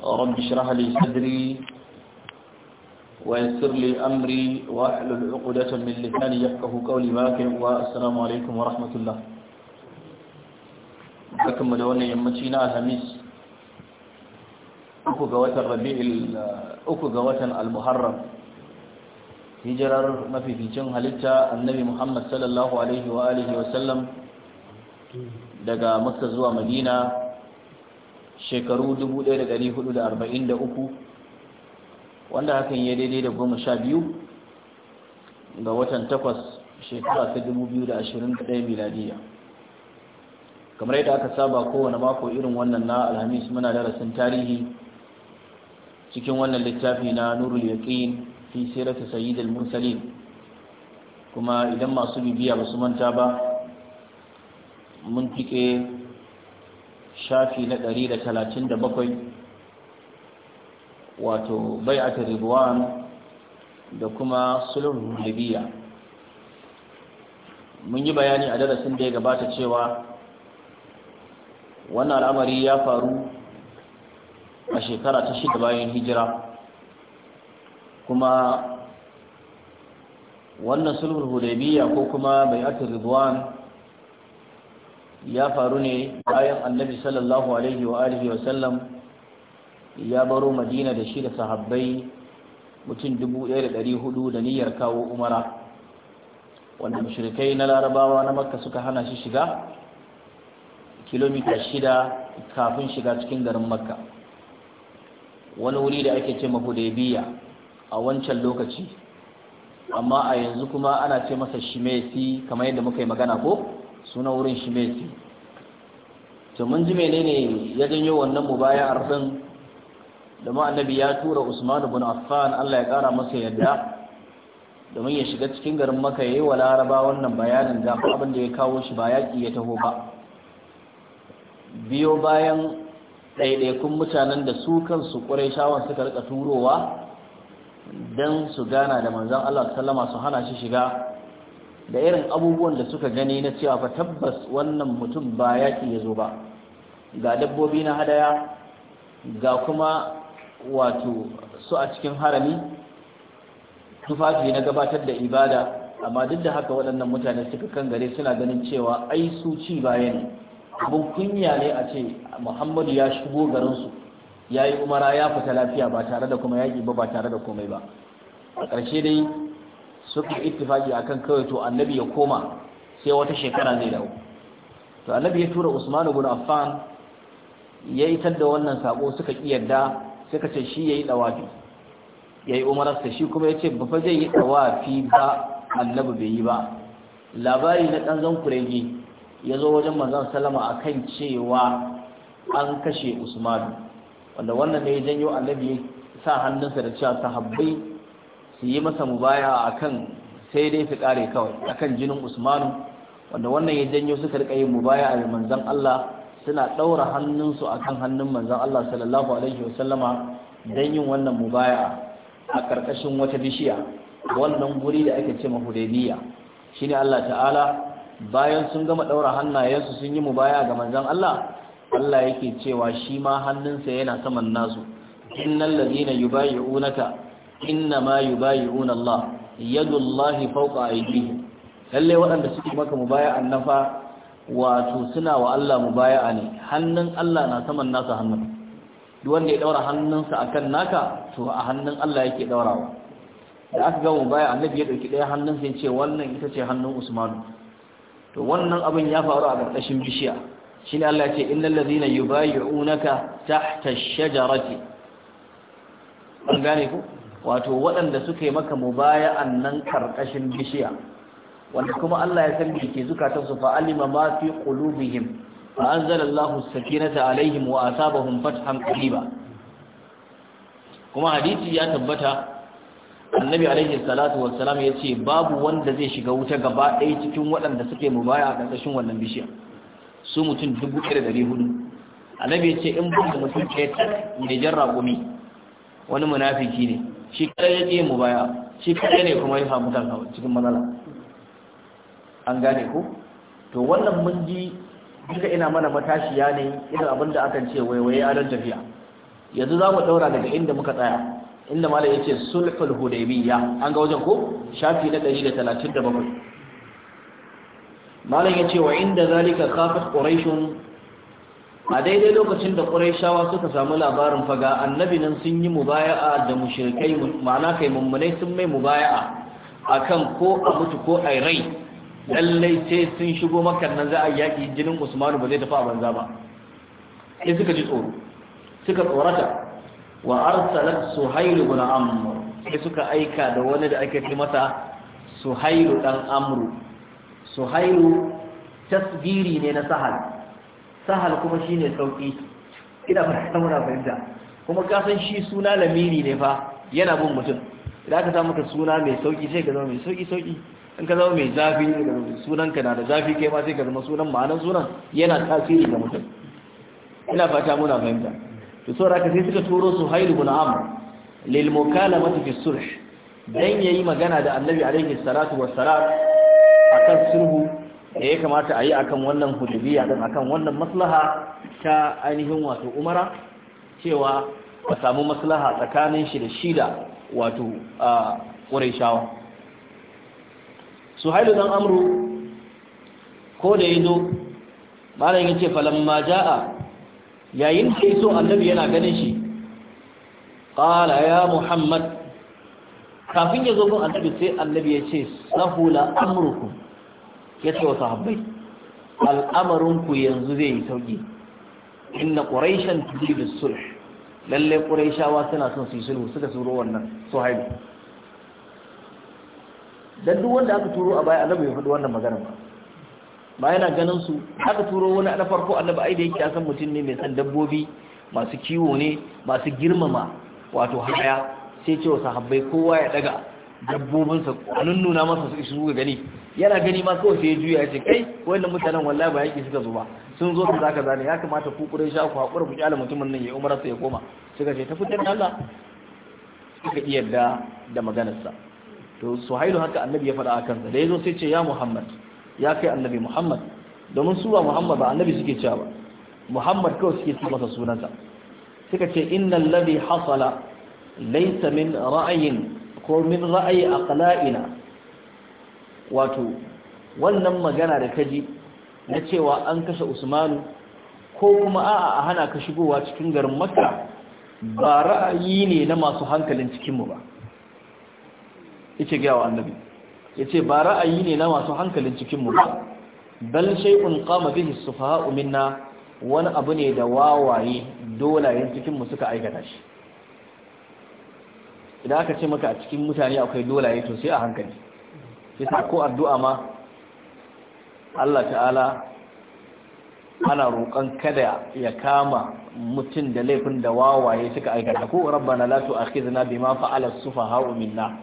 رب اشرح لي صدري ويسر لي أمري وأحلل عقدة من لساني يفقه قولي باكر والسلام عليكم ورحمة الله barkan mu da wannan yammaci na alhamis uku ga watan rabi'il uku ga watan al-muharram hijirar mafificin halitta annabi muhammad sallallahu alaihi wa sallam daga makka zuwa madina shekaru 1443 wanda hakan ya daidai da goma sha biyu ga watan takwas shekara ta 2021 miladiya kamar yadda aka saba kowane mako irin wannan na alhamis muna darasin tarihi cikin wannan littafi na nurul yaqin fi sirati al mursalin kuma idan masu bibiya ba su manta ba mun tike shafi na da da talatin 137 wato bai bai'atul ribuwan da kuma sulhul hudaybiya mun yi bayani a darasin da ya gabata cewa wannan al'amari ya faru a shekara ta shida bayan hijira kuma wannan sulhul hudaybiya ko kuma bai'atul ridwan ya faru ne bayan annabi sallallahu alaihi wa alihi wa sallam ya baro madina da shi da sahabbai mutum dubu ɗaya da ɗari hudu da niyyar kawo umara wanda mashirikai na larabawa na makka suka hana shi shiga kilomita shida kafin shiga cikin garin makka wani wuri da ake ce mahudebiya a wancan lokaci amma a yanzu kuma ana ce masa shimesi kamar yadda muka yi magana ko suna wurin shi mai to mun ji menene ya janyo wannan mubaya arzin da ma annabi ya tura Usman ibn Affan Allah ya kara masa yadda domin ya shiga cikin garin maka yayi wa Laraba wannan bayanin da abin da ya kawo shi ba yaki ya taho ba biyo bayan ɗaiɗaikun mutanen da su kansu Qurayshawan suka rika turowa dan su gana da manzon Allah sallama su hana shi shiga da irin abubuwan da suka gani na cewa fa tabbas wannan mutum ba yaƙi ya zo ba ga dabbobi na hadaya ga kuma wato su a cikin harami tufafi na gabatar da ibada amma duk da haka waɗannan mutane suka kan gare suna ganin cewa ai su ci baya ne abin kunya ne a ce muhammadu ya shigo garinsu ya yi umara ya fita lafiya ba tare da kuma yaƙi ba ba tare da komai ba a ƙarshe dai suka yi ittifaki akan kawai to annabi ya koma sai wata shekara zai dawo to annabi ya tura Usman ibn Affan ya itar da wannan sako suka kiyarda suka ce shi yayi dawafi yayi umararsa shi kuma yace ba fa zai yi dawafi ba annabi bai yi ba labari na ɗan kurege ya zo wajen manzon sallama akan cewa an kashe Usman wanda wannan ne ya janyo annabi sa hannunsa da cewa sahabbai su yi masa mubaya akan sai dai su kare kawai akan jinin usmanu wanda wannan ya janyo suka rika yin mubaya a manzan Allah suna ɗaura hannunsu akan hannun manzan Allah sallallahu alaihi wasallama dan yin wannan mubaya a ƙarƙashin wata bishiya wannan guri da ake ce Shi shine Allah ta'ala bayan sun gama ɗaura hannayensu sun yi mubaya ga manzan Allah Allah yake cewa shi ma hannunsa yana saman nasu innal ladina yubayyi'unaka inna ma yubayi'una Allah yadullahi fawqa aydihim lalle waɗanda suke maka mubaya'an nafa wato suna wa Allah mubaya'a ne hannun Allah na saman nasa hannun wanda ya ɗaura hannunsa akan naka to a hannun Allah yake ɗaurawa da aka ga mubaya'a annabi ya dauki ɗaya hannunsa ya ce wannan ita ce hannun Usmanu to wannan abin ya faru a ƙarƙashin bishiya ne Allah ya ce innal ladhina yubayyi'unaka tahta ash-shajarati an gane ku wato waɗanda suke maka mubaya'an annan karkashin bishiya wanda kuma Allah ya san me ke zukatansu fa alima ma fi qulubihim fa anzalallahu as-sakinata alaihim wa asabahum fathan qariba kuma hadisi ya tabbata annabi alaihi salatu wassalam ya ce babu wanda zai shiga wuta gaba ɗaya cikin waɗanda suke mubaya a ƙarƙashin wannan bishiya su mutum dubu ɗaya da ɗari hudu annabi ya ce in ba mutum ɗaya tak mai jan raƙumi wani munafiki ne shi kadai yake mu baya shi kadai ne kuma ya samu kansa cikin matsala an gane ku. to wannan mun ji duka ina mana matashiya ne irin abin da akan ce waiwaye a tafiya yanzu za mu daura daga inda muka tsaya inda malam yace sulhul hudaybiyya an ga wajen ko shafi na 137 malam yace wa inda zalika khafat quraishun a daidai lokacin da shawa suka samu labarin faga annabi nan sun yi mubaya'a da mushrikai ma'ana kai mummunai sun mai mubaya'a akan ko a mutu ko a rai lallai sai sun shigo makar nan za a yaƙi jinin usmanu ba zai tafi a banza ba sai suka ji tsoro suka tsorata wa arsalat suhailu bin amru sai suka aika da wani da ake ce masa suhailu dan amru Suhairu tasbiri ne na sahal sahal kuma shi ne sauƙi. ina ta muna fahimta kuma kasan shi suna lamiri ne fa yana bin mutum da aka samu ka suna mai sauƙi sai ka zama mai sauƙi-sauƙi. in ka zama mai zafi sunanka na da zafi kai ma sai ka zama sunan ma'anar sunan yana tasiri ga mutum ina fata muna fahimta to saboda ka sai suka turo su hailu bin amr lil mukalamati fi sulh dan yayi magana da annabi alaihi salatu wassalam akan sulhu da ya kamata a yi a kan wannan hudubiya don kan wannan maslaha ta ainihin wato umara cewa ba samu maslaha tsakanin shi da shida wato a ƙuraishawa su Haidu don amuru ko da ya zo malam ya ce falamma yayin da ya so annabi yana ganin shi ƙala ya muhammad kafin ya zo kun annabi sai annabi ya ce sahula Amurku!" ya ce wa sahabbai al'amarinku yanzu zai yi sauƙi inna quraishan tujibu sulh lalle quraishawa suna son su yi sulhu suka turo wannan suhaibu dan duk wanda aka turo a baya annabi ya faɗi wannan magana ba ba yana ganin su aka turo wani na farko annabi ai da yake san mutum ne mai san dabbobi masu kiwo ne masu girmama wato haya sai ce wa sahabbai kowa ya daga dabbobinsa a nunnuna masa su isu ga gani yana gani ma kawai sai ya juya ya ce kai wannan mutanen wallahi ba yaki suka zo ba sun zo su zaka zane ya kamata ku kurai sha ku hakura ku kyala mutumin nan ya umara sai ya koma suka ce ta fitar Allah suka iya da da maganarsa to suhailu haka annabi ya faɗa akan sa da yazo sai ce ya Muhammad ya kai annabi Muhammad domin su ba Muhammad ba annabi suke cewa ba Muhammad kawai suke ce masa sunansa suka ce innal ladhi hasala laysa min ra'ayin ko min ra'ayi aqla'ina wato wannan magana da kaji na cewa an kashe usmanu ko kuma a'a a hana ka shigowa cikin garin makka ba ra'ayi ne na masu hankalin cikinmu ba yace ga wa annabi yace ba ra'ayi ne na masu hankalin cikinmu ba bal shay'un qama bihi as-sufaha'u minna wani abu ne da wawaye dolayen cikinmu suka aikata shi idan aka ce maka a cikin mutane akwai dolaye to sai a hankali yasa ko addu'a ma Allah ta'ala ana roƙon kada ya kama mutum da laifin da wawaye suka aikata ko rabbana la tu'akhidna bima fa'ala as-sufaha'u minna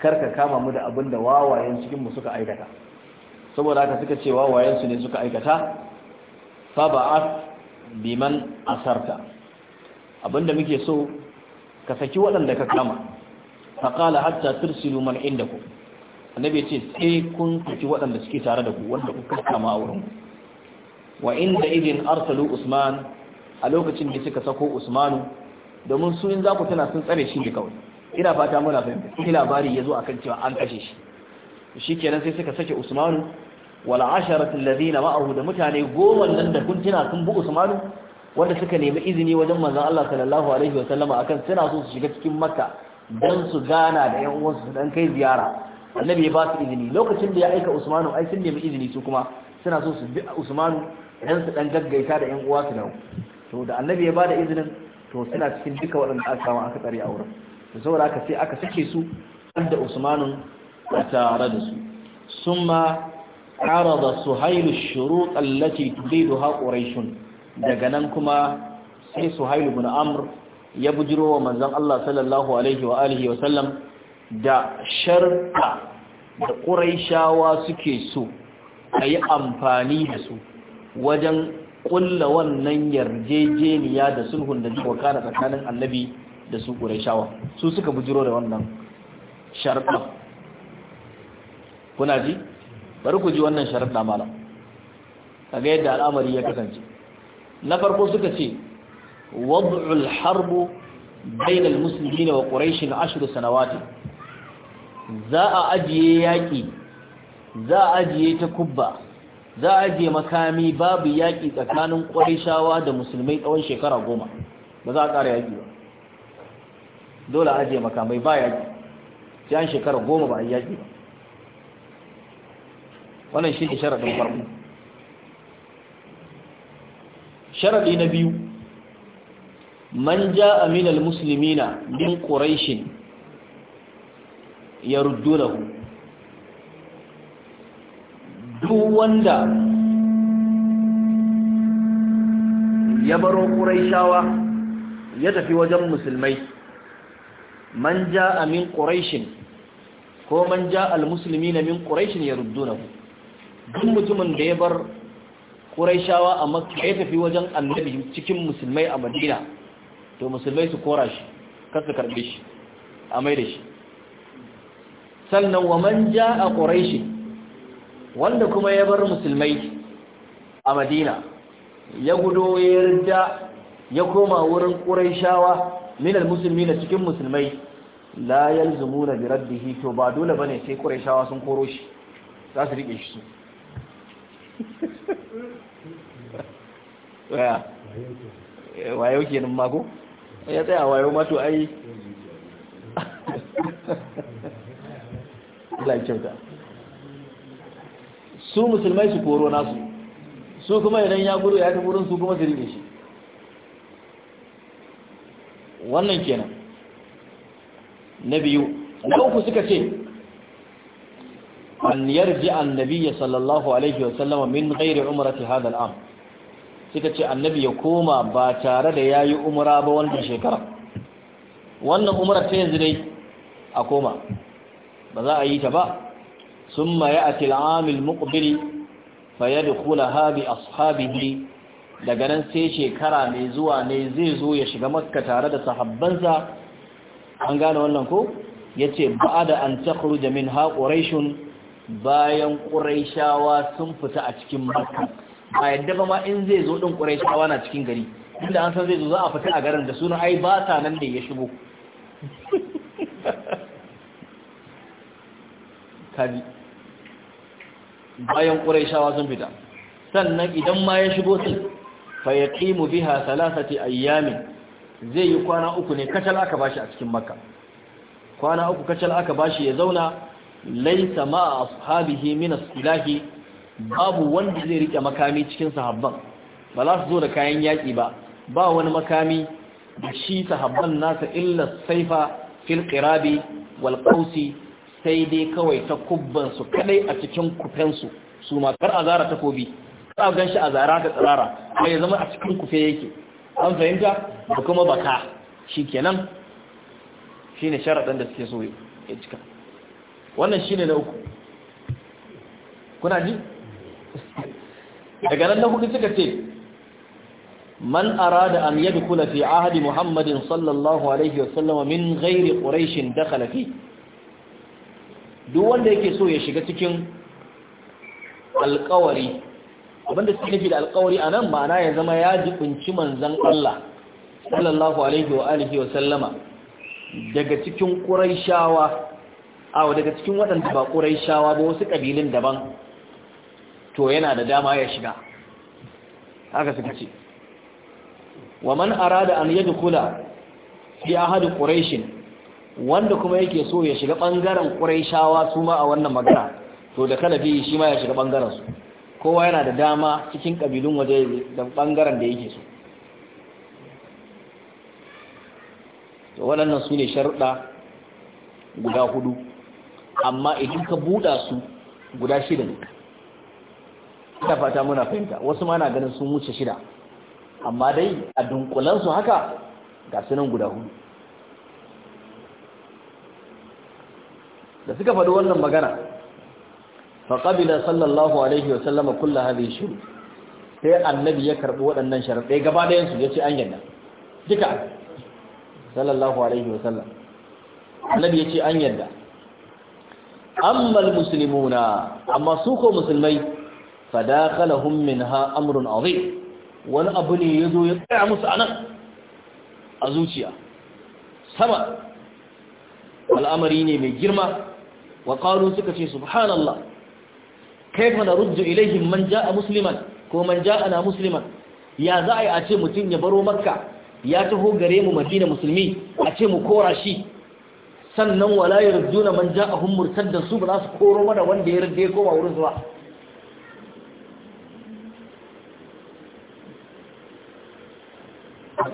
karka kama mu da abin da wawayen cikin mu suka aikata saboda haka suka ce wawayensu su ne suka aikata fa faba'at biman asarta abinda muke so ka saki waɗanda ka kama faqala hatta tursilu man indakum annabi ce sai kun kuki waɗanda suke tare da ku wanda kuka kama a wurin wa inda idin arsalu usman a lokacin da suka sako usmanu domin su in za ku tana sun tsare shi ne kawai ina fata muna fahimta sai labari ya zo a kan cewa an kashe shi kenan sai suka sake usmanu wal asharatu alladhina ma'ahu da mutane goma nan da kun tana sun bu usmanu wanda suka nemi izini wajen manzon Allah sallallahu alaihi wa sallama akan suna so su shiga cikin makka dan su gana da yan uwansu dan kai ziyara annabi ya ba su izini lokacin da ya aika usmanu ai sun nemi izini su kuma suna so su bi usmanu idan su dan gaggaita da yan uwa su dawo to da annabi ya ba da izinin to suna cikin duka waɗanda aka samu aka tsare a wurin to saboda haka sai aka sake su da usmanun a tare da su summa suhailu سهيل الشروط التي تريدها قريش daga nan kuma sai suhailu bin amr ya bujiro wa manzon Allah sallallahu alaihi wa alihi wa sallam da sharka da ƙuraishawa suke so a yi amfani da su wajen ƙulla wannan yarjejeniya da sulhun da zuwa kana tsakanin annabi da su ƙuraishawa su suka bujiro da wannan sharka kuna ji bari ku ji wannan mala a ga yadda al'amari ya kasance na farko suka ce wad'ul harbu bainal ne wa ƙuraishin ashirin sanawati za a ajiye yaƙi za a ajiye ta kubba za a ajiye makami babu yaƙi tsakanin ƙwarishawa da musulmai tsawon shekara goma ba za a ƙara yaƙi ba dole a ajiye makamai ba yaƙi sai shekara goma ba a yaƙi ba wannan shi ne sharaɗin farko sharaɗi na biyu man ja aminal musulmina min shi. Ya ku duk wanda ya baro shawa ya tafi wajen musulmai man ja min quraishin ko man ja al-musulmi na min ya da ku duk mutumin da ya bar quraishawa a makka ya tafi wajen annabi cikin musulmai a madina to musulmai su kora shi kar su karbe shi a mai da shi sannan wa man a quraish wanda kuma ya bar musulmai a madina ya gudo ya yarda ya koma wurin quraishawa musulmi na cikin musulmai la na birar da to ba dole ba ne sai quraishawa sun koro shi za su riƙe shi wayo kenan mako ya tsaya wayo mato ai Allah ya kyauta su musulmai su koro nasu su kuma idan ya gudu ya ta gurin su kuma su shi wannan kenan na biyu na uku suka ce an yarji annabi sallallahu alaihi wasallam min ghairi umrati hadha al suka ce annabi ya koma ba tare da yayi umra ba wannan shekara wannan umrar ta yanzu dai a koma ba za a yi ta ba sun ma ya ake al'amil muƙbiri fa ya dukula habi ashabihi daga nan sai shekara mai zuwa ne zai zo ya shiga makka tare da sahabbansa an gane wannan ko ya ce ba da an takuru da min haƙuraishun bayan ƙuraishawa sun fita a cikin makka a yadda ba ma in zai zo ɗin ƙuraishawa na cikin gari inda an san zai zo za a fita a garin da sunan ai ba ta nan da ya shigo kaji bayan shawa sun fita sannan idan ma ya shigo sun mu biha thalathati ayyamin zai yi kwana uku ne kacal aka bashi a cikin makka kwana uku kacal aka bashi ya zauna laisa ma ashabihi min minas silahi babu wanda zai rike makami cikin sahabban ba za su zo da kayan yaƙi ba ba wani makami da shi sahabban nasa illa saifa fil qirabi wal sai dai kawai ta kubbansu kadai a cikin kufensu su ma kar a zara takobi kar a gan shi a zara ta tsirara mai ya zama a cikin kufe yake an fahimta da kuma baka shi kenan shi ne sharaɗin da suke so ya cika wannan shi ne na uku kuna ji? daga nan da hudu suka ce man arada an yadda kula fi ahadi muhammadin sallallahu alaihi wasallama min gairi ƙuraishin dakala fi duk wanda yake so ya shiga cikin alƙawari abinda suke nufi da alƙawari a nan ma'ana ya zama ya jibinci manzan Allah sallallahu alaihi wa alihi wa sallama daga cikin shawa. a daga cikin waɗanda ba shawa ba wasu ƙabilun daban to yana da dama ya shiga haka suka ce wa man arada an kula fi ahad ƙuraishin. wanda kuma yake so ya shiga ɓangaren ƙuraishawa su ma a wannan magana to da kalabi shi ma ya shiga ɓangaren su kowa yana da dama cikin ƙabilun waje da ɓangaren da yake so to waɗannan su ne sharuɗa guda hudu amma idan ka buɗa su guda shida ne ta fata muna fahimta wasu ma na ganin sun wuce shida amma dai a dunkulansu haka ga sunan guda hudu da suka faɗi wannan magana faƙabila sallallahu alaihi wa sallama kulla hadhihi shuru sai annabi ya karɓi waɗannan sharaɗai gaba ɗayan su ya ce an yadda duka sallallahu alaihi wa sallam annabi ya ce an yadda ammal musulmuna. amma su ko musulmai fadakhalahum ha amrun azim wani abu ne ya zo ya tsaya musu a nan? a zuciya sama al'amari ne mai girma wa qalu suka ce subhanallah kaifa naruddu ilaihin man jaa musliman ko man jaa'ana musliman ya za a yi a ce mutum ya baro makka ya taho gare mu madina musulmi a ce mu kora shi sannan wala yarjuna man ja'ahum murtaddan su ba za su koro mana wanda ya rade koma wurin zuwa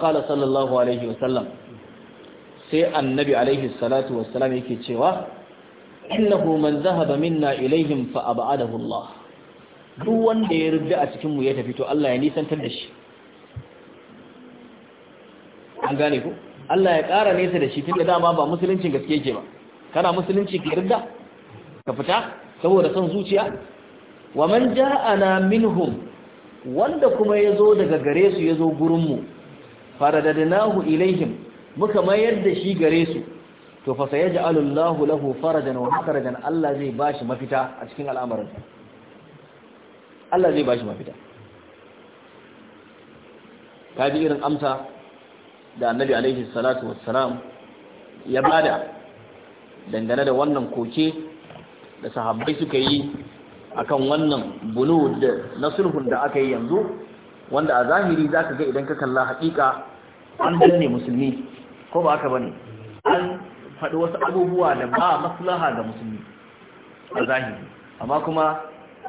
qala sallallahu alaihi sallam sai annabi alaihi salatu wassalam yake cewa innahu man zahaba minna ilaihim fa ab'adahu Allah duk wanda ya rubuta a cikin mu ya tafi to Allah ya nisantar da shi an gane ku Allah ya ƙara nesa da shi tun da dama ba musuluncin gaske yake ba kana musulunci ka rudda ka fita saboda son zuciya wa man ja'ana minhum wanda kuma yazo daga gare su yazo gurin mu faradadnahu ilaihim muka mayar da shi gare su to fa sayaj'alu Allahu lahu farajan wa makharajan Allah zai bashi mafita a cikin al'amarin Allah zai bashi mafita kaji irin amsa da Annabi alaihi salatu wassalam ya bada dangane da wannan koke da sahabbai suka yi akan wannan bulu da na sulhun da aka yi yanzu wanda a zahiri zaka ga idan ka kalla haƙiƙa an danne musulmi ko ba haka bane an faɗi wasu abubuwa da ba maslaha ga musulmi a zahiri amma kuma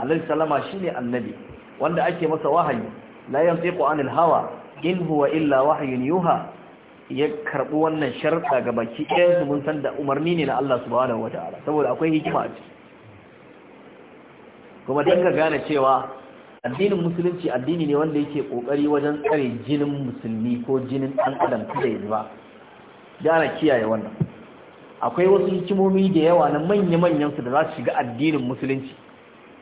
alaihi salama ne annabi wanda ake masa wahayi la yantiqu anil hawa in huwa illa wahayin yuha ya karɓi wannan sharɗa ga baki ɗaya su mun san da umarni ne na Allah subhanahu wataala saboda akwai hikima a ciki kuma dan gane cewa addinin musulunci addini ne wanda yake kokari wajen tsare jinin musulmi ko jinin ɗan adam kada ya ba yana kiyaye wannan akwai wasu hikimomi da yawa na manya-manyan su da za su shiga addinin musulunci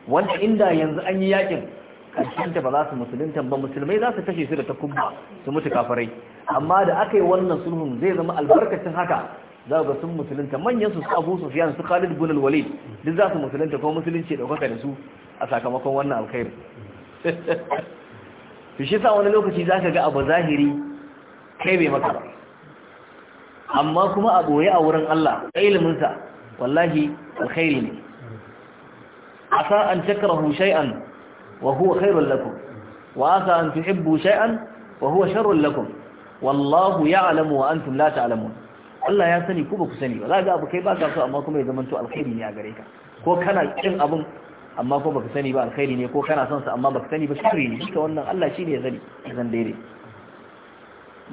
wanda inda yanzu an yi yakin ta ba za su musulunta ba musulmai za su kashe su da takubba su mutu kafarai amma da aka yi wannan sulhun zai zama albarkacin haka za ga sun musulunta manyan su abu sufiyan su khalid bin walid duk za su musulunta ko musulunci daukaka da su a sakamakon wannan alkhairi to shi sa wani lokaci zaka ga abu zahiri kai bai maka ba amma kuma a ɓoye a wurin Allah iliminsa wallahi alkhairi ne asa an takrahu shay'an wa huwa khairul lakum wa asa an tuhibbu shay'an wa huwa sharrul lakum wallahu ya'lamu wa antum la ta'lamun Allah ya sani ku ba ku sani ba za ga abu kai ba ka so amma kuma ya zama to alkhairi ne a gare ka ko kana kin abun amma ko baka sani ba alkhairi ne ko kana son sa amma baka sani ba shirri ne duka wannan Allah shine ya sani zan daidai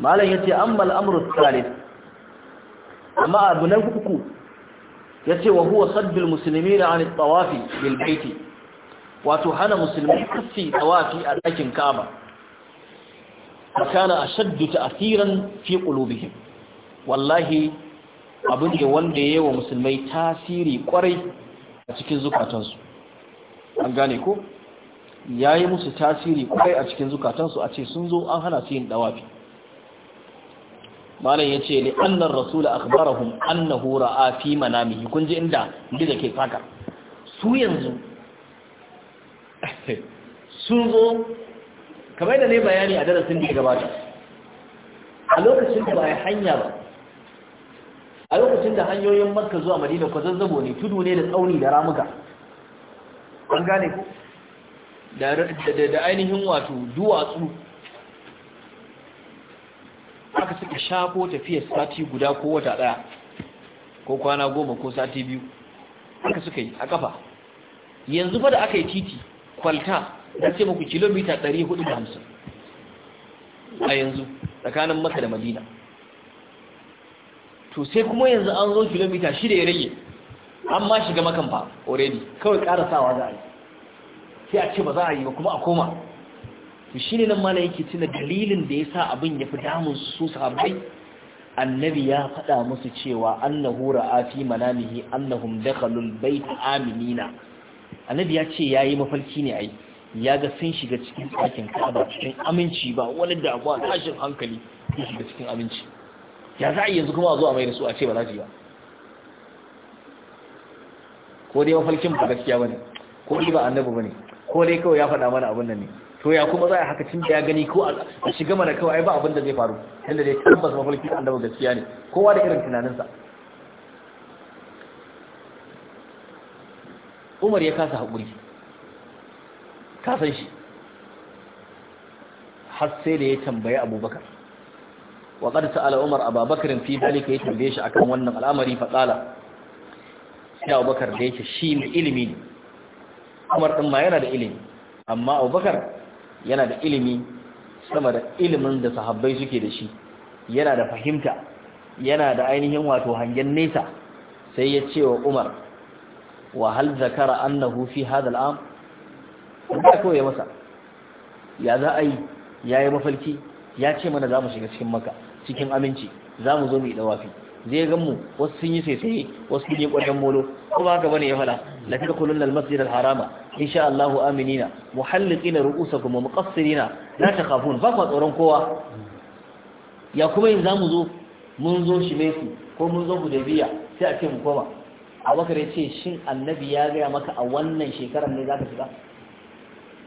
malam yace amma al-amru thalith amma abu na uku ya ce wa huwa saddul musulmi da an tsawafi bilbaiti wato hana musulmi kasi tsawafi a ɗakin kaba a kana a shaddu asiran fi ƙulubihim wallahi abin da wanda ya yi wa musulmai tasiri ƙwarai a cikin zukatansu an gane ko ya yi musu tasiri ƙwarai a cikin zukatansu a ce sun zo an hana su yin ɗawafi malam yace li anna ar-rasul akhbarahum annahu ra'a fi manamihi kun ji inda gida ke faka su yanzu sun zo kamar da ne bayani a darasin da ya gabata a lokacin da ba a hanya ba a lokacin da hanyoyin makka zuwa madina zazzabo ne tudu ne da tsauni da ramuka an gane ku da ainihin wato duwatsu haka suka shafo tafiya sati guda ko wata daya ko kwana goma ko sati biyu aka suka yi a kafa yanzu fa da aka yi titi kwalta da ce muku kilomita 450 a yanzu tsakanin maka da madina to sai kuma yanzu an zo kilomita shida ya rage an ma shiga makamfa already kawai karasawa za a yi sai a ce ba za a yi ba kuma a koma to shine nan malam yake tuna dalilin da yasa abin ya fi damun su sahabbai annabi ya faɗa musu cewa annahu ra'a fi manamihi annahum dakhalul bait aminina annabi ya ce yayi mafarki ne ai ya ga sun shiga cikin ɗakin kaba cikin aminci ba wani da ba tashin hankali sun shiga cikin aminci ya za a yanzu kuma a zo a mai da su a ce ba za su yi ba ko dai mafarkin ba gaskiya bane ko dai ba annabi bane ko dai kawai ya faɗa mana abin nan ne to ya kuma za a haka cin da ya gani ko a shiga mana kawai ba abin da zai faru inda dai tabbas mafalki annabi gaskiya ne kowa da irin tunaninsa Umar ya kasa haƙuri kasan shi har sai da ya tambayi Abubakar wa qad sa'ala Umar Abubakar fi dalika ya tambaye shi akan wannan al'amari faɗala qala sai Abubakar da yake shi mai ilimi ne Umar din ma yana da ilimi amma Abubakar yana da ilimi sama da ilimin da sahabbai suke da shi yana da fahimta yana da ainihin wato hangen nesa sai ya ce wa umar wa hal zakara annahu fi hadha al'am ba kawai masa ya za a yi ya yi mafalki? ya ce mana za mu shiga cikin maka cikin aminci za mu zo mu yi dawafi zai gan mu wasu sun yi saisaye wasu sun yi molo ko ba haka bane ya fada la tadkhulunna al-masjid al-harama In sha Allahu aminina muhalliqina ru'usakum wa muqassirina la takhafun ba ku tsoron kowa ya kuma yin zamu zo mun zo shi shimesi ko mun zo hudaybiya sai a ce mu koma abakar ya ce shin annabi ya gaya maka a wannan shekarar ne zaka shiga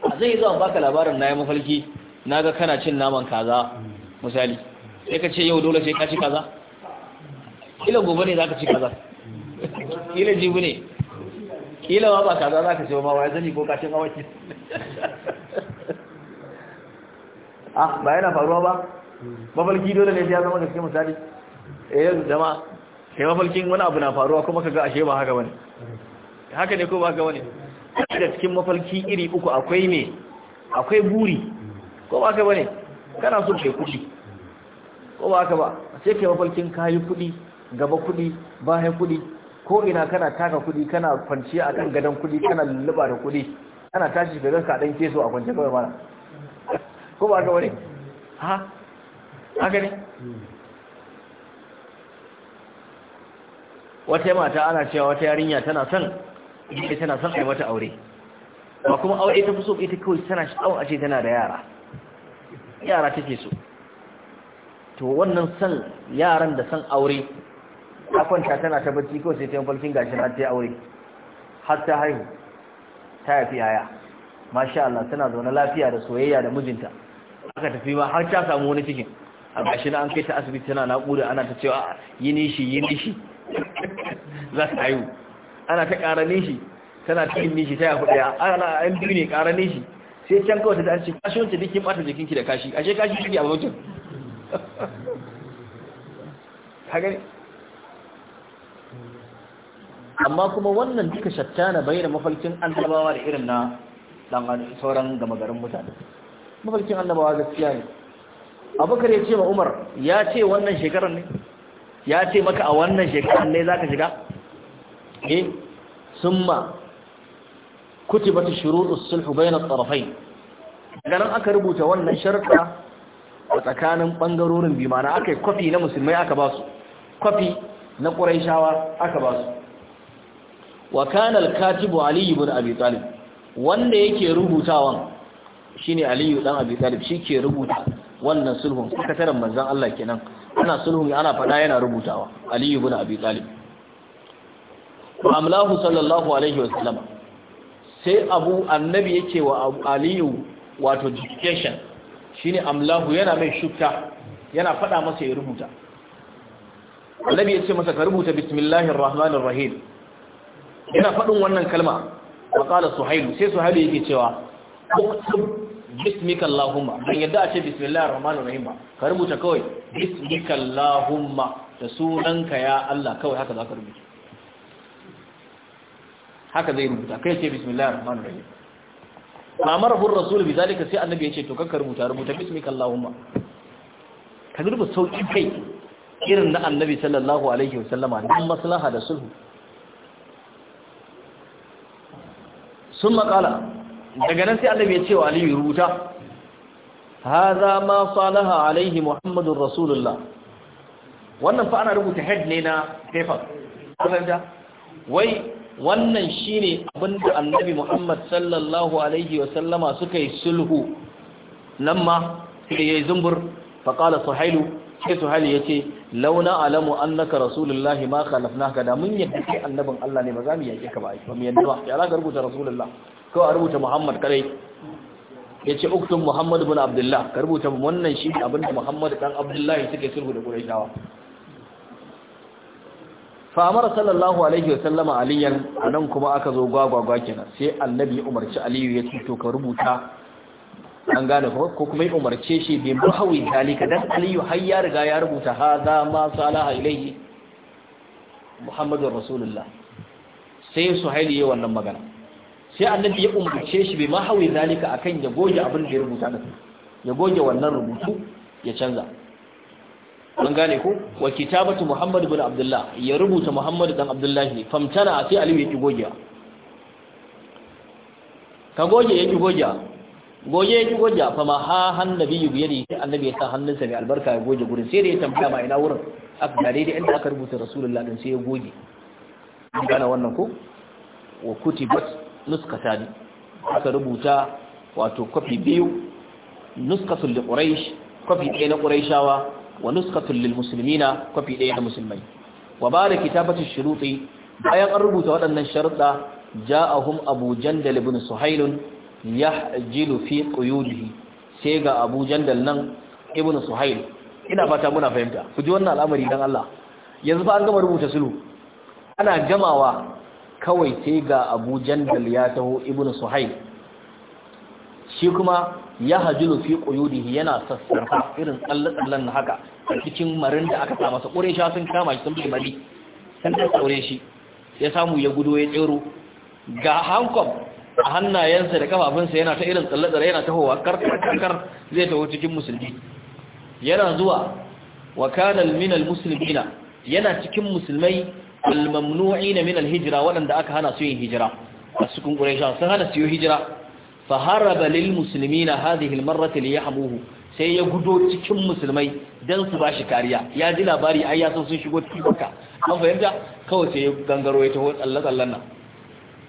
a zai zo baka labarin na yi mafarki na ga kana cin naman kaza misali sai ka ce yau dole sai ka ci kaza ila gobe ne zaka ci kaza ila jibi ne kila ma ba kaza za ka ce ba wa zan zani ko kashin awaki ah ba yana faruwa ba mafalki dole ne sai ya zama gaske misali eh yanzu jama'a sai mafalkin wani abu na faruwa kuma kaga ashe ba haka bane haka ne ko ba haka bane da cikin mafalki iri uku akwai ne akwai buri ko ba haka bane kana so kai kudi ko ba haka ba sai kai mafalkin kayi kudi gaba kudi bayan kudi ko ina kana taka kudi kana kwanciya kan gadon kudi kana lulluba da kudi ana tashi da zanka dan keso a kwance kawai mana ko ba ga wani ha haka ne wata mata ana cewa wata yarinya tana son ita tana son ai mata aure ba kuma aure ta fuso ita kawai tana sha'awar a ce tana da yara yara take so to wannan son yaran da son aure ta tana ta barci ko sai ta yi falkin gashin har ta aure har ta haihu ta yafi yaya masha Allah tana zaune lafiya da soyayya da mijinta aka tafi ma har ta samu wani cikin a gashi na an kai ta asibiti tana naƙuda ana ta cewa yi nishi yi nishi za ta haihu ana ta ƙara nishi tana ta nishi ta yafi ɗaya ana an biyu ne ƙara nishi sai can kawai ta dace kashi wancan duk kin ɓata jikinki da kashi ashe kashi shi a mutum ka gani amma kuma wannan duka shattana bayyana mafalkin annabawa da irin na dan sauran gama garin mutane Mafalkin annabawa gaskiya ne abubakar ya ce ma umar ya ce wannan shekarar ne ya ce maka a wannan shekarar ne za ka shiga eh summa kutibat shurutus sulh bayna at-tarafayn daga aka rubuta wannan sharta a tsakanin bangarorin biyu mana aka yi kwafi na musulmai aka ba su kwafi na ƙuraishawa aka ba su wa kana al-katibu ali ibn abi talib wanda yake rubutawan shine aliyu dan abi talib ke rubuta wannan sulhun sakataren manzon Allah kenan ana sulhun ana fada yana rubutawa aliyu ibn abi talib amlahu sallallahu alaihi wa sallam, sai abu annabi yake wa aliyu wato dictation shine amlahu yana mai shukka yana fada masa ya rubuta ya ce masa ka rubuta bismillahir rahmanir rahim Ina faɗin wannan kalma wa qala suhailu sai suhailu yake cewa uktub bismika allahumma dan yadda a ce bismillahir rahmanir rahim ba ka rubuta kawai bismika allahumma da sunanka ya Allah kawai haka za ka rubuta haka zai rubuta kai ce bismillahir rahmanir rahim amarahu ar-rasul bi zalika sai annabi ya ce to kakka rubuta rubuta bismika allahumma ka rubuta sauki kai irin na annabi sallallahu alaihi wasallama don maslaha da sulhu sun matsala daga nan sai annabi ya ce wa aliyu rubuta haza ma salaha alaihi muhammadun rasulullah wannan fa ana rubuta head ne na paper kuzanta wai wannan shine abinda annabi muhammad sallallahu alaihi wa sallama suka yi sulhu nan ma sai yayi zumbur fa qala suhailu sai suhailu yace launa alamu annaka rasulullahi ma khalafnaka da mun yadda kai annabin Allah ne ba za mu yake ka ba ai ba mu yadda ba ya ka rubuta rasulullah ko a rubuta muhammad kare yace uktum muhammad ibn abdullah ka rubuta wannan shi abinda muhammad dan abdullah suke sulhu da quraishawa fa amara sallallahu alaihi wa sallama aliyan anan kuma aka zo gwagwagwa kenan sai annabi umarci aliyu ya ce ka rubuta an gane ko kuma ya umarce shi bi mahawi dalika dan aliyu har ya riga ya rubuta za ma salaha ilayhi muhammadur rasulullah sai suhaili ya wannan magana sai annabi ya umarce shi bi mahawi dalika akan ya goge abin da ya rubuta din ya goge wannan rubutu ya canza an gane ko wa kitabatu muhammad ibn abdullah ya rubuta muhammad dan abdullahi famtana sai aliyu ya goge ka goge ya goge goje ya ki goja fa ma ha han nabiyyu bi yadi annabi ya sa hannunsa mai albarka ya goje gurin sai da ya tambaya ma ina wurin aka gare da inda aka rubuta rasulullah din sai ya goge an gane wannan ko wa kutibat nuskatani aka rubuta wato kwafi biyu nuskatul li quraish kwafi ɗaya na quraishawa wa nuskatul lil muslimina kwafi ɗaya na musulmai wa bada kitabatu shuruti bayan an rubuta waɗannan sharuɗa ja'ahum abu jandal ibn suhailun jilu fi ƙuyuli sai ga Abu Jandal nan Ibn Suhail ina fata muna fahimta ku ji wannan al'amari don Allah yanzu fa an gama rubuta sulhu ana gamawa kawai sai ga Abu Jandal ya taho Ibn Suhail shi kuma ya hajulu fi ƙuyuli yana sassarfa irin tsallatsallan haka a cikin marin da aka samu sa ƙuresha sun kama shi sun bai mari sun da shi ya samu ya gudo ya tsero ga hankom a hannayensa da kafafunsa yana ta irin tsalle-tsalle yana tahowa karkar zai taho cikin musulmi yana zuwa wa minal musulmina yana cikin musulmai na minal hijira waɗanda aka hana su yin hijira a cikin quraisha sun hana su yi hijira fa haraba lil muslimina hadhihi almarrata liyahmuhu sai ya gudo cikin musulmai dan su bashi kariya ya ji labari ai ya san sun shigo cikin baka an fahimta kawai sai ya gangaro ya taho tsalle-tsallen nan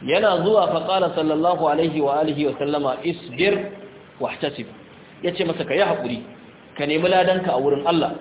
yana zuwa faƙala sallallahu alaihi wa alihi wa sallama isbir wahtasib yace masa kai hakuri ka nemi ladanka a wurin Allah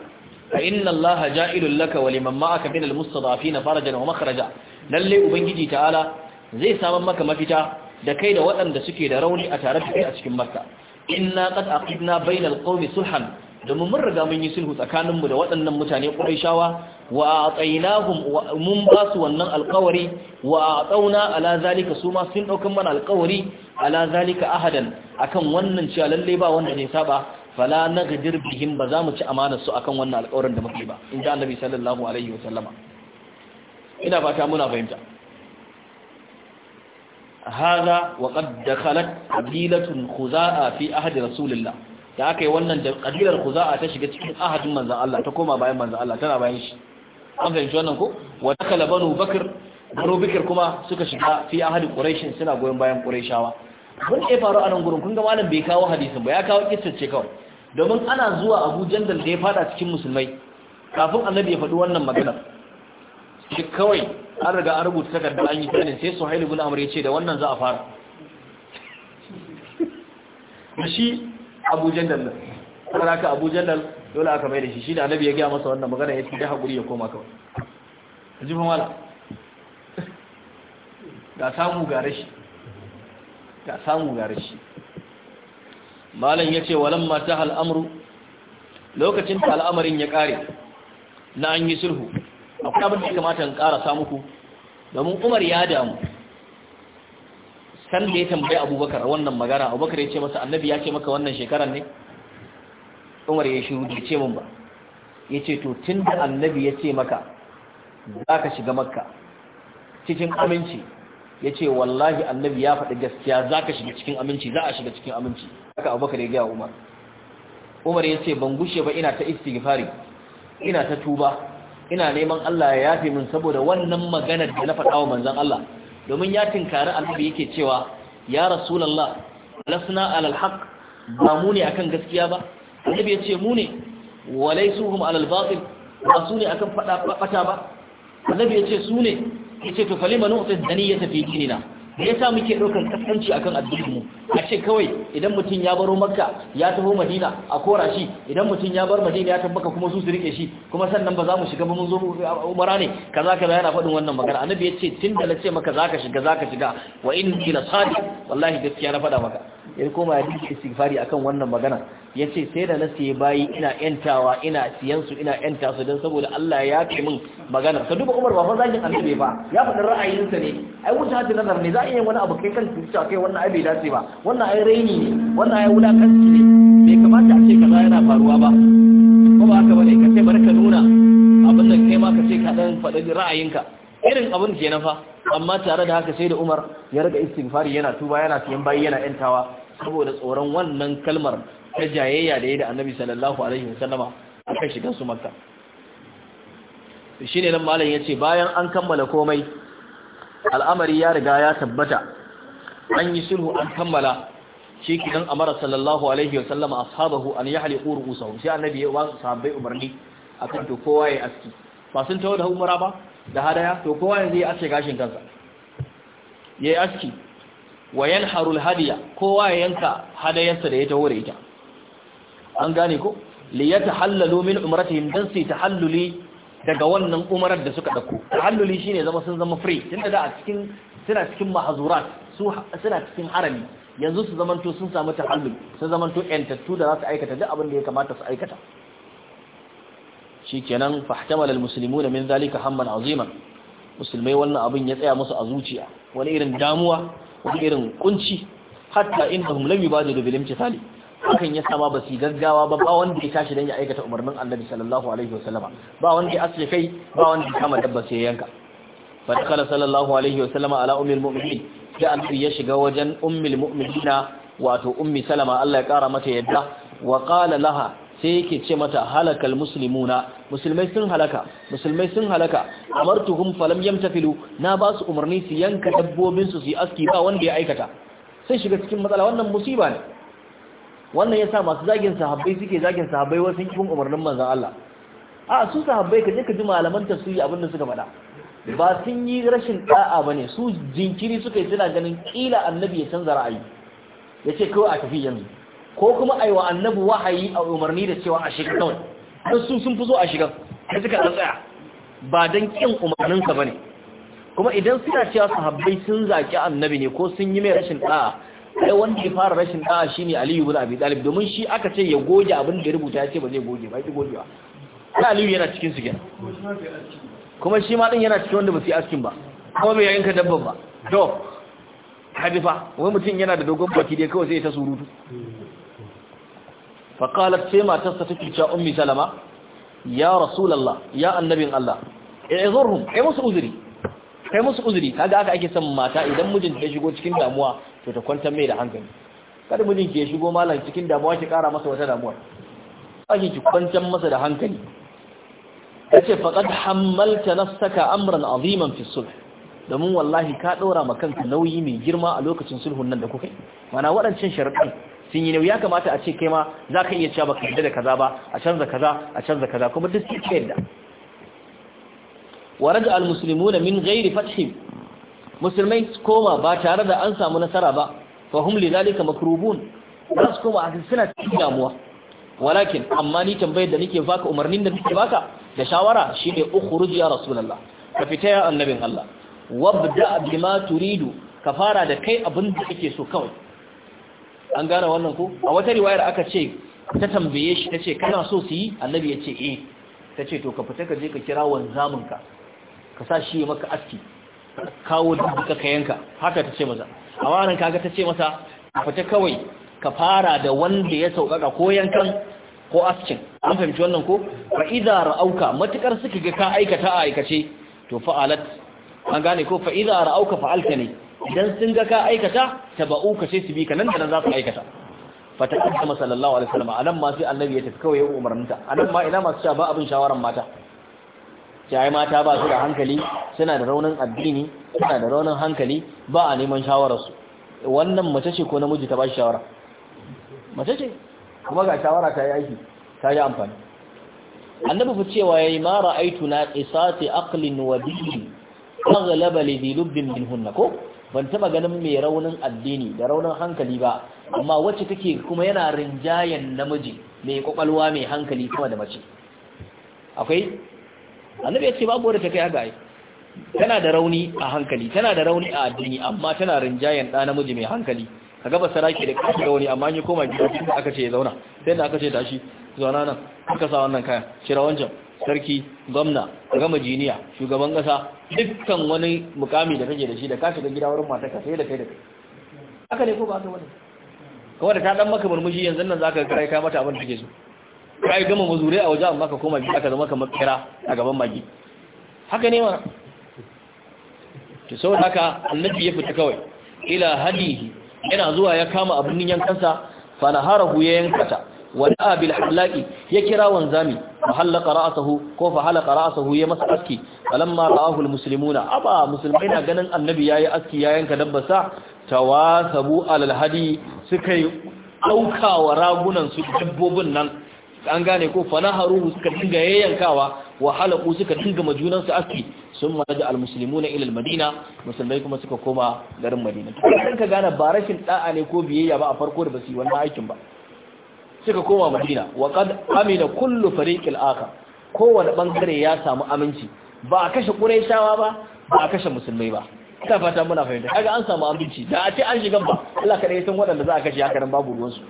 fa inna Allah ja'ilul laka wa liman ma'aka min almustadafin farajan wa makhraja lalle ubangiji ta'ala zai saman maka mafita da kai da waɗanda suke da rauni a tare da kai a cikin makka inna qad aqidna bainal qawmi sulhan domin mun riga mun yi sulhu tsakaninmu da waɗannan mutane ƙurayshawa wa atainahum mun ba su wannan alƙawari wa atauna ala zalika su sun daukan mana alƙawari ala zalika ahadan akan wannan cewa lalle ba wanda ne saba fala nagdir bihim ba za mu ci amanar su akan wannan alƙawarin da muke ba inda annabi sallallahu alaihi ina fata muna fahimta هذا وقد دخلت قبيلة خزاء في أحد رسول الله da aka yi wannan da kabilar za ta shiga cikin ahadin manzan Allah ta koma bayan manzan Allah tana bayan shi an fahimci wannan ko wata kalabanu banu baro bikir kuma suka shiga fi ahadin ƙurashin suna goyon bayan quraishawa kun ya faru a nan gurin kun ga malam bai kawo hadisin ba ya kawo kitace kawai domin ana zuwa Abu Jandal da ya fada cikin musulmai kafin annabi ya faɗi wannan magana shi kawai an riga an rubuta takarda an yi tanin sai Suhail ibn amur ya ce da wannan za a fara shi Abu Jandal kuma haka Abu Jandal dole aka mai da shi shine annabi ya ga masa wannan magana yace da hakuri ya koma kawai ji fa mala ga samu ga rashi ga samu ga rashi malam yace walamma tahal amru lokacin ta al'amarin ya kare na an yi sulhu akwai abin da kamata in samu ku? domin Umar ya damu san da ya tambayi abubakar wannan magana abubakar ya ce masa annabi ya ce maka wannan shekarar ne umar ya shiru da ce min ba ya ce to tun da annabi ya ce maka za ka shiga makka cikin aminci ya ce wallahi annabi ya faɗi gaskiya za ka shiga cikin aminci za a shiga cikin aminci haka abubakar ya gaya umar umar ya ce ban gushe ba ina ta istighfari ina ta tuba ina neman Allah ya yafe min saboda wannan maganar da na faɗa wa manzan Allah domin ya tinkari annabi yake cewa ya rasulullah lasna alal haqq ba mu ne akan gaskiya ba annabi ya ce mu ne walaysuhum alal batil ba su ne akan fada fata ba annabi ya ce su ne yace to falima nu'ti daniyata fi dinina me yasa muke ɗaukan kaskanci akan addinin mu a ce kawai idan mutum ya baro makka ya taho madina a kora shi idan mutum ya bar madina ya tabbaka kuma su su rike shi kuma sannan ba za mu shiga ba mun zo uh, umara ne kaza kaza yana faɗin wannan magana annabi ya ce tun da na ce maka zaka shiga zaka shiga wa in ila sadiq wallahi gaskiya na faɗa maka ya koma ya dinka istighfari akan wannan magana yace sai da na siye bayi ina yantawa ina siyansu ina yanta su dan saboda Allah ya yafe min magana ka duba Umar ba fa zakin annabi ba ya faɗi sa ne ai wuta hatu nazar ne za a yi wani abu kai kan tuta kai wannan ai dace ba wannan ai raini ne wannan ai wulakanci ne bai kamata a ce kaza yana faruwa ba ko ba haka bane ka ce barka nuna abin da kai ma ka ce ka dan faɗi ra'ayinka irin abin kenan fa amma tare da haka sai da Umar ya rika istighfari yana tuba yana tiyan bayi yana yantawa saboda tsoron wannan kalmar ta jayayya da ya da Annabi sallallahu alaihi wasallama aka shiga su Makka shine nan malam yace bayan an kammala komai al'amari ya riga ya tabbata an yi sulhu an kammala shi kidan amara sallallahu alaihi wasallama ashabahu an yahli ru'usahum sai Annabi ya wasu sahabbai umarni akan to kowa ya aski ba sun tawo da umara ba da hadaya to kowa yanzu ya aske gashin kansa ya yi aski wa yan harul hadiya kowa ya yanka hadayarsa da ya taho da ita an gane ko li ya tahallalu min umratihim dan su tahalluli daga wannan umarar da suka dauko tahalluli shine zama sun zama free tun da a cikin suna cikin mahzurat su suna cikin harami yanzu su zamanto sun samu tahallul sun zamanto 'yantattu da za su aikata duk abin da ya kamata su aikata shikenan fahtamala almuslimuna min zalika hamman aziman musulmai wannan abin ya tsaya musu a zuciya wani irin damuwa wani irin kunci hatta innahum lam yubadiru bil imtithali hakan ya sama ba su gaggawa ba ba wanda ya tashi dan ya aikata umarnin Annabi sallallahu alaihi wasallama ba wanda ya asli kai ba wanda ya kama dabba sai yanka fa dakala sallallahu alaihi wasallama ala ummil mu'minin da annabi ya shiga wajen ummil mu'minina wato ummi salama Allah ya kara mata yadda wa qala laha sai yake ce mata halakal muslimuna musulmai sun halaka musulmai sun halaka amartuhum falam yamtafilu na basu su umarni su yanka dabbobin su su aski ba wanda ya aikata sai shiga cikin matsala wannan musiba ne wannan yasa masu zagin sahabbai suke zagin sahabbai wasu sun kin umarnin manzon Allah a su sahabbai ka je ka ji malaman tafsiri abin da suka faɗa ba sun yi rashin da'a bane su jinkiri suka yi suna ganin kila annabi ya canza ra'ayi yace kawai a tafi yanzu ko kuma Aiwa annabi wahayi a umarni da cewa a shiga kawai don su sun fi zo a shiga da suka tsaya ba don ƙin umarninsa ba ne kuma idan suna cewa sahabbai sun zaƙi annabi ne ko sun yi mai rashin ɗa'a sai wanda ya fara rashin ɗa'a shi ne aliyu bin abi talib domin shi aka ce ya goge abin da ya rubuta ya ce ba zai goge ba ya ƙi gogewa sai aliyu yana cikin su kenan kuma shi ma ɗin yana cikin wanda ba su yi askin ba kuma bai yanka dabban ba to hadifa wai mutum yana da dogon baki dai kawai sai ta surutu faƙalar ce matarsa take cewa ummi salama ya rasulallah ya annabin Allah i'zurhum kai musu uzuri kai musu uzuri kaga aka ake son mata idan mijin ya shigo cikin damuwa to ta kwantar mai da hankali kada mijin ki ya shigo malam cikin damuwa ki ƙara masa wata damuwa ake ki kwantan masa da hankali yace faqad hammalta nafsaka amran aziman fi sulh domin wallahi ka daura ma kanka nauyi mai girma a lokacin sulhun nan da kuka yi mana waɗancan sharaɗin sun yi ne ya kamata a ce kai ma za ka iya cewa ka yarda da kaza ba a canza kaza a canza kaza kuma duk sun ce yarda wa raja al min gairi fathim musulmai koma ba tare da an samu nasara ba fa hum lidhalika makrubun za su koma a suna cikin damuwa walakin amma ni tambayar da nake baka umarnin da nake baka da shawara shine ukhruj ya rasulullah ka fita ya annabin Allah wabda bima turidu ka fara da kai abin da kake so kawai an gane wannan ko a wata riwayar aka ce ta tambaye shi ta ce kana so su yi annabi ya ce eh ta ce to ka fita ka je ka kira wanzaminka ka ka sa shi maka aski kawo duka ka yanka haka ta ce maza a wannan kaga ta ce masa ka fita kawai ka fara da wanda ya sauƙaƙa ko yankan ko askin an fahimci wannan ko fa idza ra'auka matukar suka ga ka aikata a aikace to fa'alat an gane ko fa idza ra'auka fa'alta ne idan sun ga ka aikata taba'u ka ce su bi ka nan da nan za su aikata fataqaddama sallallahu alaihi wasallam anan ma sai annabi ya tafi kawai ya umarninta anan ma ina masu cewa ba abin shawaran mata sai mata ba su da hankali suna da raunin addini suna da raunin hankali ba a neman shawararsu wannan mace ce ko namiji ta ba shi shawara mace ce kuma ga shawara ta yi aiki ta yi amfani annabi fi cewa yayi ma ra'aytu na qisati aqlin wa dini aghlaba li dhulubbin minhunna ko ban taba ganin mai raunin addini da raunin hankali ba amma wacce take kuma yana rinjayen namiji mai kwakwalwa mai hankali kuma da mace akwai annabi ya ce babu wadda ta kai haka tana da rauni a hankali tana da rauni a addini amma tana rinjayen ɗa namiji mai hankali ka gaba saraki da kashi rauni amma ya koma gida aka ce ya zauna sai da aka ce tashi zauna nan aka sa wannan kayan shira wancan sarki gwamna gama jiniya shugaban kasa dukkan wani mukami da kake da shi da ka shiga gida wurin mata ka sai da kai da kai haka ne ko ba haka bane kawai da ta dan maka murmushi yanzu nan zaka kai ka mata abin da kake so kai gama mazure a waje amma ka koma gida ka zama kamar kira a gaban magi haka ne ma to saboda haka annabi ya fita kawai ila hadihi yana zuwa ya kama abin yankansa fa naharahu ya yankata wani abil halaki ya kira wanzami mahallaka ra'asahu ko fahalaka ra'asahu ya masa aski falamma ra'ahu almuslimuna aba musulmai na ganin annabi yayi aski ya yanka dabbasa ta alal hadi suka yi ɗaukawa ragunan su dabbobin nan an gane ko fanaharu suka dinga yayyankawa wa halaku suka dinga majunan su aski sun maraja almuslimuna ila madina musulmai kuma suka koma garin madina ka gane ba rashin da'a ne ko biyayya ba a farko da basu wannan aikin ba suka koma madina wa amina kullu fariqil akhar kowane bangare ya samu aminci ba a kashe quraishawa ba ba a kashe musulmai ba ina fata muna fahimta kaga an samu aminci da a ce an shiga ba Allah kada ya san waɗanda za a kashe haka babu ruwan su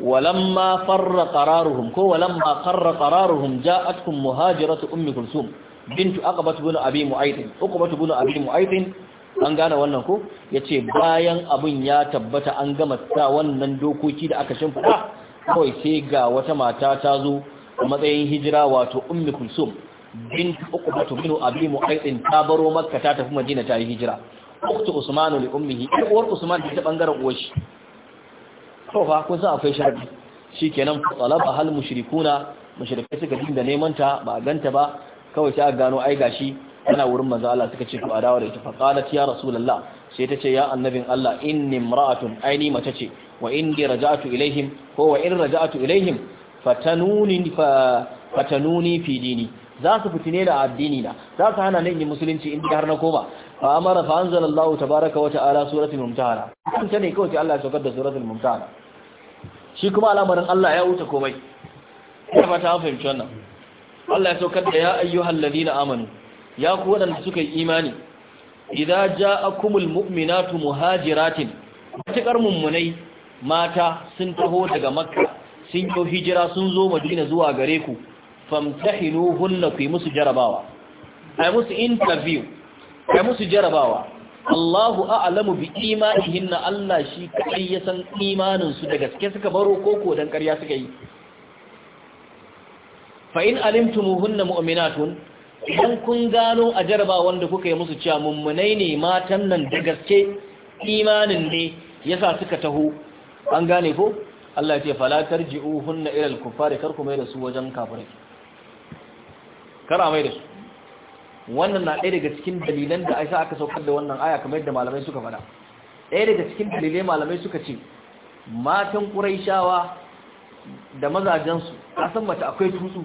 walamma farra qararuhum ko walamma qarra qararuhum ja'atkum muhajiratu ummi kulsum bintu aqbat ibn abi mu'ayth uqbat ibn abi mu'ayth an gane wannan ko ya ce bayan abin ya tabbata an gama sa wannan dokoki da aka shimfiɗa kawai sai ga wata mata ta zo a matsayin hijira wato ummi kulsum bint uqbatu abin abi mu'aytin ta baro makka ta tafi madina ta yi hijira uktu usmanu li ummihi uwar usman ta bangaren uwar shi to fa kun san akwai sharadi shikenan talaba hal mushrikuna mushrikai suka dinga neman ta ba ganta ba kawai sai aka gano ai gashi Yana wurin manzo Allah suka ce to a dawo da ita fa qalat ya rasulullah sai ta ce ya annabin Allah inni imra'atun aini mace ce wa indi raja'tu ilaihim ko wa in raja'tu ilaihim fatanuni fa fatanuni fi dini za su fitine da addini na za su hana ni musulunci in har na koma fa amara fa anzalallahu tabaaraka wa ta'ala suratul mumtahana kun ta ne kawai Allah ya saukar da suratul mumtahana shi kuma al'amarin Allah ya wuce komai ina fata an fahimci wannan Allah ya saukar da ya ayyuhal ladina amanu ya ku waɗanda suka yi imani idan ja akumul mu'minatu muhajiratin matuƙar mummunai mata sun taho daga makka sun yi hijira sun zo madina zuwa gare ku famtahinu hunna ku yi musu jarabawa ai musu interview ai musu jarabawa Allahu a'lamu bi imanihinna Allah shi kai ya san imanin su da gaske suka baro ko dan ƙarya suka yi fa in alimtumuhunna mu'minatun idan kun gano a jaraba wanda kuka yi musu cewa mummunai ne matan nan da gaske imanin ne ya sa suka taho an gane ko Allah ya ce falatar ji uhun al-kuffari kar karku mai da su wajen kafirai kara mai da su wannan na ɗaya daga cikin dalilan da aisa aka saukar da wannan aya kamar yadda malamai suka faɗa ɗaya daga cikin dalilai malamai suka ce matan ƙuraishawa da mazajensu san mata akwai tutsu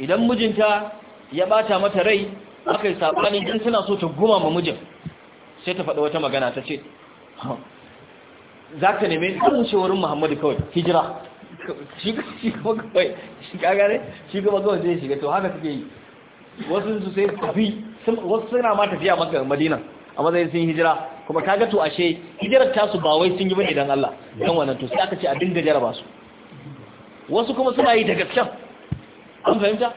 idan mijinta ya bata mata rai aka yi saɓani jin suna so ta goma ma mijin sai ta faɗi wata magana ta ce za ka neme ɗan wucewarin muhammadu kawai hijira shi kuma kawai shi shi kuma kawai zai shiga to haka suke yi wasu su sai tafi wasu suna ma tafiya maka madina a matsayin sun hijira kuma kaga to ashe hijirar tasu ba wai sun yi bane dan Allah dan wannan to sai aka ce a dinga jaraba su wasu kuma suna yi da gaskiya an fahimta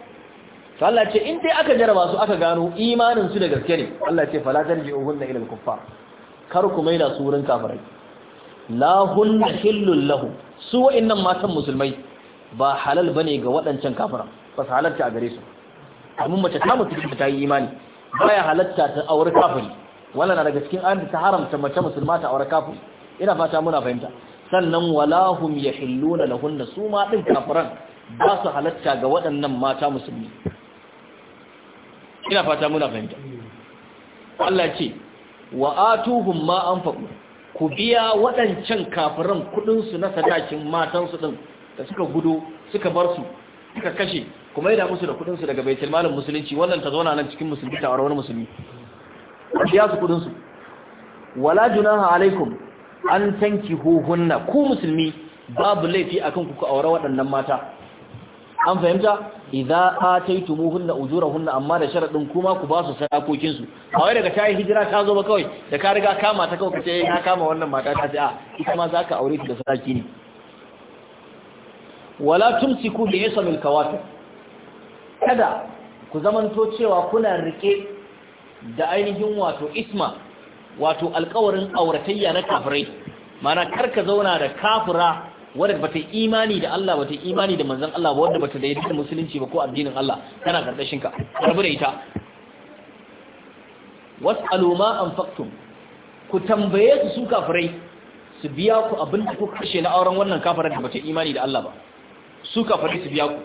to Allah ce in dai aka jaraba su aka gano imanin su da gaske ne Allah ce fala tarji'uhunna ila al-kuffar kar ku maida su wurin kafirai la hunna hillul lahu su wa'annan matan musulmai ba halal bane ga wadancan kafira ba halalta a gare su amma mace ta mutu ta yi imani baya halalta ta aure kafiri wala na daga cikin ayyuka ta haramta mace musulma ta aure kafiri ina fata muna fahimta sannan hum yahilluna lahunna su ma din kafiran ba su halarta ga waɗannan mata musulmi ina fata muna fahimta Allah ce wa atuhum ma anfaqu ku biya waɗancan kafiran kudin su na sadakin matan su din da suka gudu suka bar su suka kashe kuma yada musu da kudin su daga baitul malin musulunci wannan ta zauna nan cikin musulmi ta wani musulmi biya su kudin su wala junaha alaikum an hunna ku musulmi babu laifi akan ku ku aure waɗannan mata an fahimta idza ataytumuhunna ujurahunna amma da sharadin kuma ku ba su sadakokin su daga tayi hijira ta zo ba kawai da ka riga kama ta kawai kace eh, na kama wannan mata ta ce a ah, ita ma zaka aure ta da sadaki ne wala tumsiku bi ismil kawat kada ku zamanto cewa kuna rike da ainihin wato isma wato alƙawarin auratayya na kafirai mana karka zauna da kafira wanda bata imani da Allah bata imani da manzon Allah ba wanda bata daidaita musulunci ba ko addinin Allah tana karkashin ka rabu da ita was'alu ma anfaqtum ku tambaye su su kafirai su biya ku abin da ku kashe na auren wannan kafirar da bata imani da Allah ba su kafirai su biya ku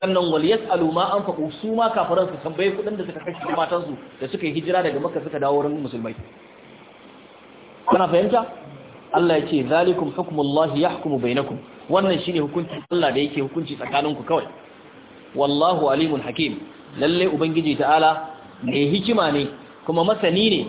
sannan wal yas'alu ma anfaqu su ma kafiran su tambaye kudin da suka kashe matansu da suka yi hijira daga Makka suka dawo wurin musulmai kana fahimta Allah ya ce zalikum hukmullahi yahkumu bainakum wannan shine hukuncin Allah da yake hukunci tsakaninku kawai wallahu alimun hakim lalle ubangiji ta'ala mai hikima ne kuma masani ne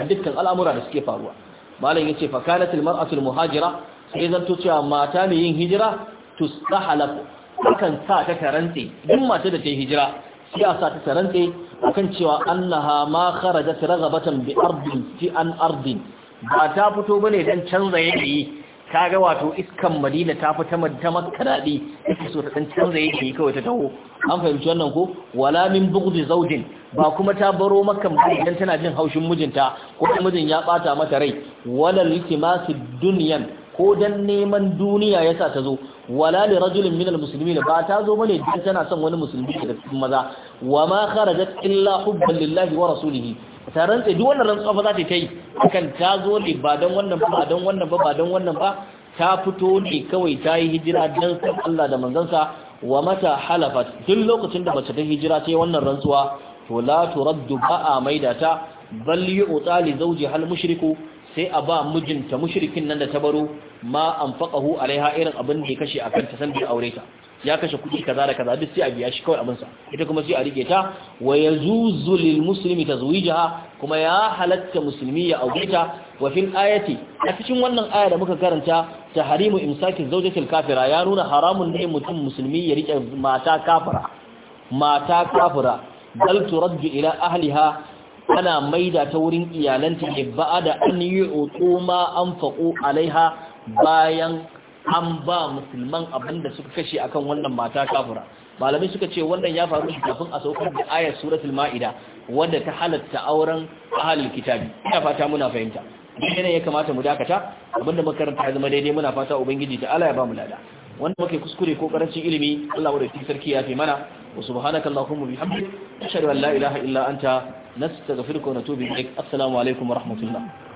a dukkan al'amura da suke faruwa malam yace fa kanat al mar'atu al muhajira sai cewa mata mai yin hijira tustahalaf akan sa ta tarantse duk mata da ta hijira sai a sa ta tarantse akan cewa annaha ma kharajat raghabatan bi ardin fi an ardin ba ta fito ba ne dan canza yanayi kaga wato iskan madina ta fi ta makaradi ita so ta san canza yake kawai ta taho an fahimci wannan ko wala min bughdi zawjin ba kuma ta baro makka idan tana jin haushin mijinta ko mijin ya bata mata rai wala litimasi dunyan ko dan neman duniya yasa ta zo wala li rajulin min almuslimin ba ta zo bane dan tana son wani musulmi daga cikin maza wa ma kharajat illa hubban lillahi wa rasulihi ta rantsa duk wannan rantsuwa ba za ta yi kan ta zo ne ba dan wannan ba dan wannan ba ba dan wannan ba ta fito ne kawai ta yi hijira dan san Allah da manzansa wa mata halafat duk lokacin da mace ta hijira ta yi wannan rantsuwa to la turaddu ba a maida ta bal yu'ta li zawji hal mushriku sai a ba mijinta mushrikin nan da ta baro ma anfaqahu alaiha irin abin da ya kashe akan ta san bai aure ta ya kashe kuɗi kaza da kaza duk sai a biya shi kawai abinsa ita kuma sai a rike ta wa yazuzu lil muslimi tazwijaha kuma ya halatta musulmi ya aure ta wa fil ayati a cikin wannan aya da muka karanta tahrimu imsaki zawjatil kafira ya nuna haramun ne mutum musulmi ya rike mata kafira mata kafira bal turaddu ila ahliha ana maida ta wurin iyalanta ne ba da an yi ma an faƙo alaiha bayan an ba musulman abinda suka kashe akan wannan mata kafura malamai suka ce wannan ya faru kafin a saukar da ayar suratul ma'ida wanda ta halatta auren ahalul kitabi ina fata muna fahimta ne ya kamata mu dakata abinda makaranta ya zama daidai muna fata ubangiji ta Allah ya ba mu lada wanda muke kuskure ko karancin ilimi Allah wa sarki ya fi mana wa subhanakallahumma bihamdik ashhadu an la ilaha illa anta نستغفرك ونتوب إليك السلام عليكم ورحمة الله